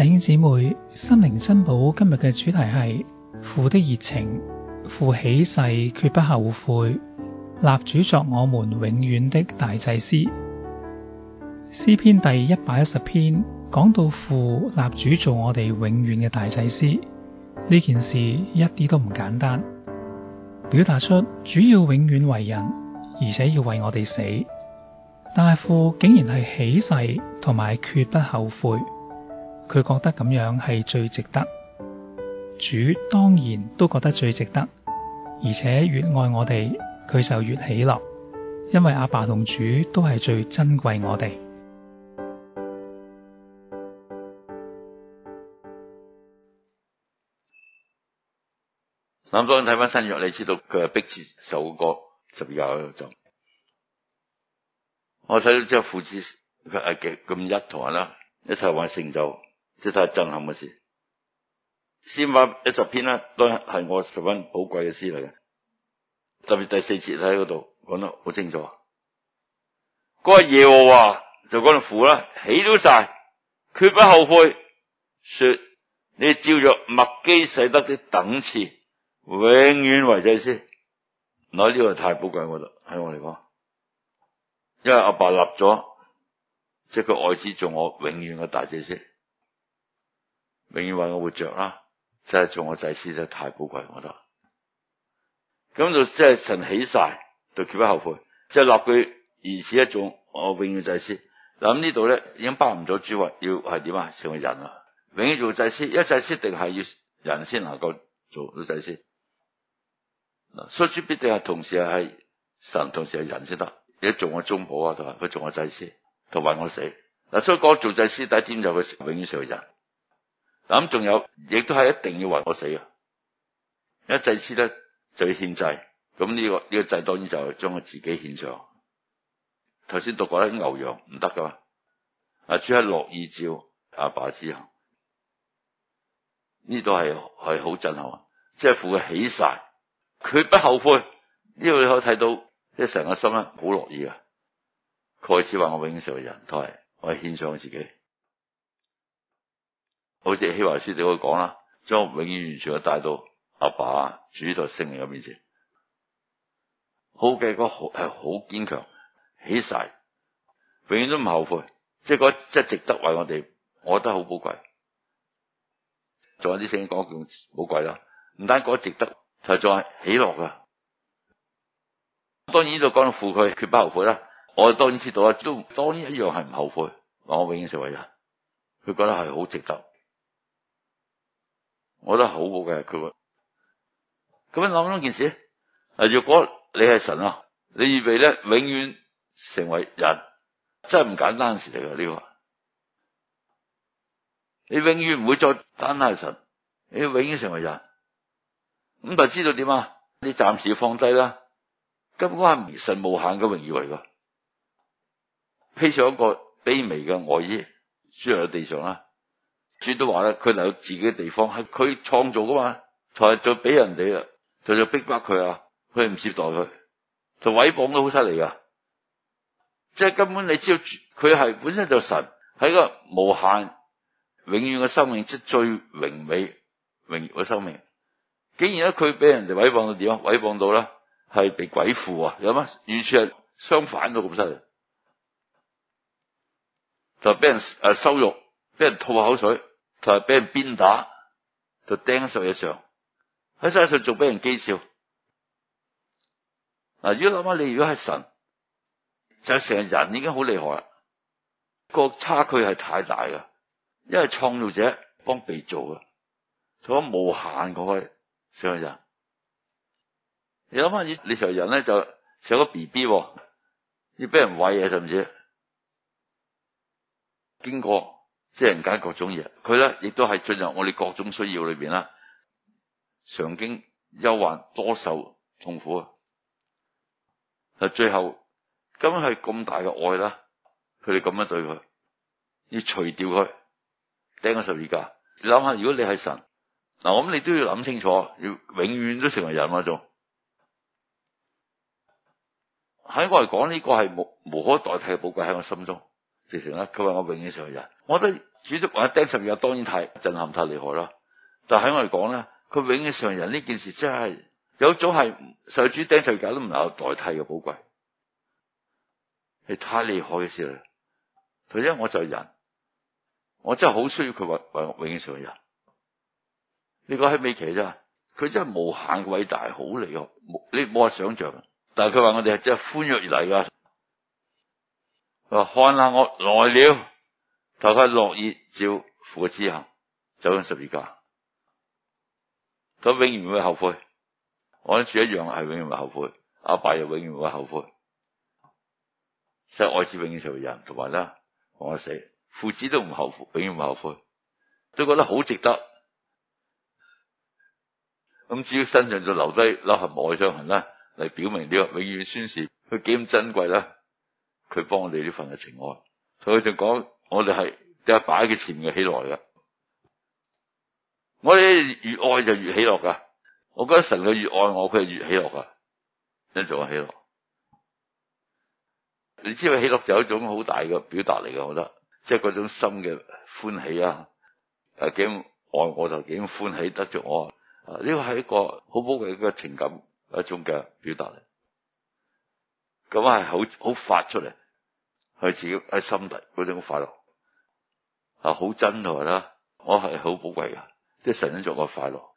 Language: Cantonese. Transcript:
弟兄姊妹，心靈珍寶，今日嘅主題係父的熱情，父起誓，決不後悔，立主作我們永遠的大祭司。詩篇第一百一十篇講到父立主做我哋永遠嘅大祭司，呢件事一啲都唔簡單，表達出主要永遠為人，而且要為我哋死，但係父竟然係起誓，同埋決不後悔。佢覺得咁樣係最值得，主當然都覺得最值得，而且越愛我哋，佢就越喜樂，因為阿爸同主都係最珍貴我哋。咁當你睇翻新約，你知道佢係逼住首歌就有就，我睇到之係父子嘅阿咁一同啦，一齊玩聖就即太震撼嘅事先翻一十篇啦，都係我十分寶貴嘅詩嚟嘅。特別第四節睇嗰度，講得好清楚。嗰個耶和華就講到父啦，起咗誓，決不後悔，說你照着麥基洗德啲等次，永遠為祭司。嗱呢個太寶貴我就喺我嚟講，因為阿爸立咗，即係佢愛子做我永遠嘅大祭司。永遠為我活着啦，真係做我祭司真係太寶貴，我覺得。咁就即係神起晒，都決不後悔，即係立佢而似一種我永遠祭司。嗱咁呢度咧，已經包唔咗主話要係點啊，成為人啦。永遠做祭司，一祭司定係要人先能夠做祭司。所以主必定係同時係神，同時係人先得。你做我中保啊，同埋佢做我祭司，同埋我死。嗱，所以講做祭司，第一點就佢永遠成為人。咁仲有，亦都係一定要為我死啊！因為祭司咧就要獻祭，咁呢個呢個祭當然就係將佢自己獻上。頭先讀過啲牛羊唔得噶嘛，阿主係樂意照阿爸，爸之後，呢度係係好震撼啊！即係父佢起誓，決不後悔。呢度你可以睇到，即係成個心咧好樂意啊！開始話我永遠成為人係我獻上我自己。好似希華書就去講啦，將永遠完全去帶到阿爸，爸主在聖人嘅面前，好嘅，個好係好堅強，起晒，永遠都唔後悔，即係嗰即係值得為我哋，我覺得好寶貴。仲有啲聖經講句好貴啦，唔單得值得，就再、是、起落噶。當然呢度講到父佢，絕不後悔啦。我當然知道都當然一樣係唔後悔，我永遠成為啦，佢覺得係好值得。我覺得好好嘅佢話咁樣諗咗件事啊！若果你係神啊，你預備咧永遠成為人，真係唔簡單事嚟噶呢個。你永遠唔會再單係神，你永遠成為人。咁但知道點啊？你暫時要放低啦，根本係神無限嘅榮耀嚟噶，披上一個卑微嘅外衣，坐喺地上啦。主都話啦，佢嚟到自己嘅地方係佢創造噶嘛，就係再俾人哋啦，就再逼迫佢啊，佢唔接待佢，就毀謗都好犀利噶，即係根本你知道佢係本身就神，係一個無限、永遠嘅生命，即係最榮美、榮耀嘅生命，竟然咧佢俾人哋毀謗到點啊？毀謗到啦，係被鬼附啊，有咩？完全係相反到咁犀利，就俾人誒羞、呃、辱，俾人吐口水。同埋俾人鞭打，就釘喺一上，喺世界上仲俾人譏笑。嗱，如果諗下你如果係神，就成人已經好厲害啦，個差距係太大㗎，因為創造者幫被造嘅做咗個無限個成人。想想你諗下，你成人咧就成個 BB，要俾人喂嘢，甚至經過。即係人間各種嘢，佢咧亦都係進入我哋各種需要裏邊啦。常經憂患，多受痛苦啊！嗱，最後咁係咁大嘅愛啦，佢哋咁樣對佢，要除掉佢，掟個十字架。你諗下，如果你係神嗱，我諗你都要諗清楚，要永遠都成為人嗰種，喺我嚟講呢個係無無可代替嘅寶貴喺我心中。直情咧，佢話我永遠常人，我覺得主足喺釘十字架，當然太震撼，太厲害啦。但喺我嚟講咧，佢永遠常人呢件事真係有咗係受主釘十字架都唔能夠代替嘅寶貴，係太厲害嘅事啦。佢因我就是人，我真係好需要佢話我永遠常人。呢個喺美其咋，佢真係無限嘅偉大，好厲害，你冇得想象。但係佢話我哋係真係歡躍而嚟噶。看下我來了，透過落葉照父子行，走響十字架，佢永遠唔會後悔。我諗住一樣係永遠唔會後悔，阿爸又永遠唔會後悔。其實愛子永遠受人同埋啦，我死父子都唔後悔，永遠唔後悔，都覺得好值得。咁至於身上就留低粒紅愛傷痕啦，嚟表明呢個永遠宣示佢幾咁珍貴啦。佢幫我哋呢份嘅情愛，所以佢就講：我哋係即係擺喺佢前面嘅喜樂嚟嘅。我哋越愛就越喜樂噶。我覺得神嘅越愛我，佢係越喜樂噶。因做我喜樂，你知佢喜樂就有一種好大嘅表達嚟嘅。我覺得即係嗰種心嘅歡喜啊，誒，幾愛我就幾歡喜得着我。呢個係一個好寶貴嘅情感一種嘅表達嚟，咁係好好發出嚟。去自己心底嗰種快樂，啊好真㗎啦，我係好寶貴的，即係神恩在我的快樂。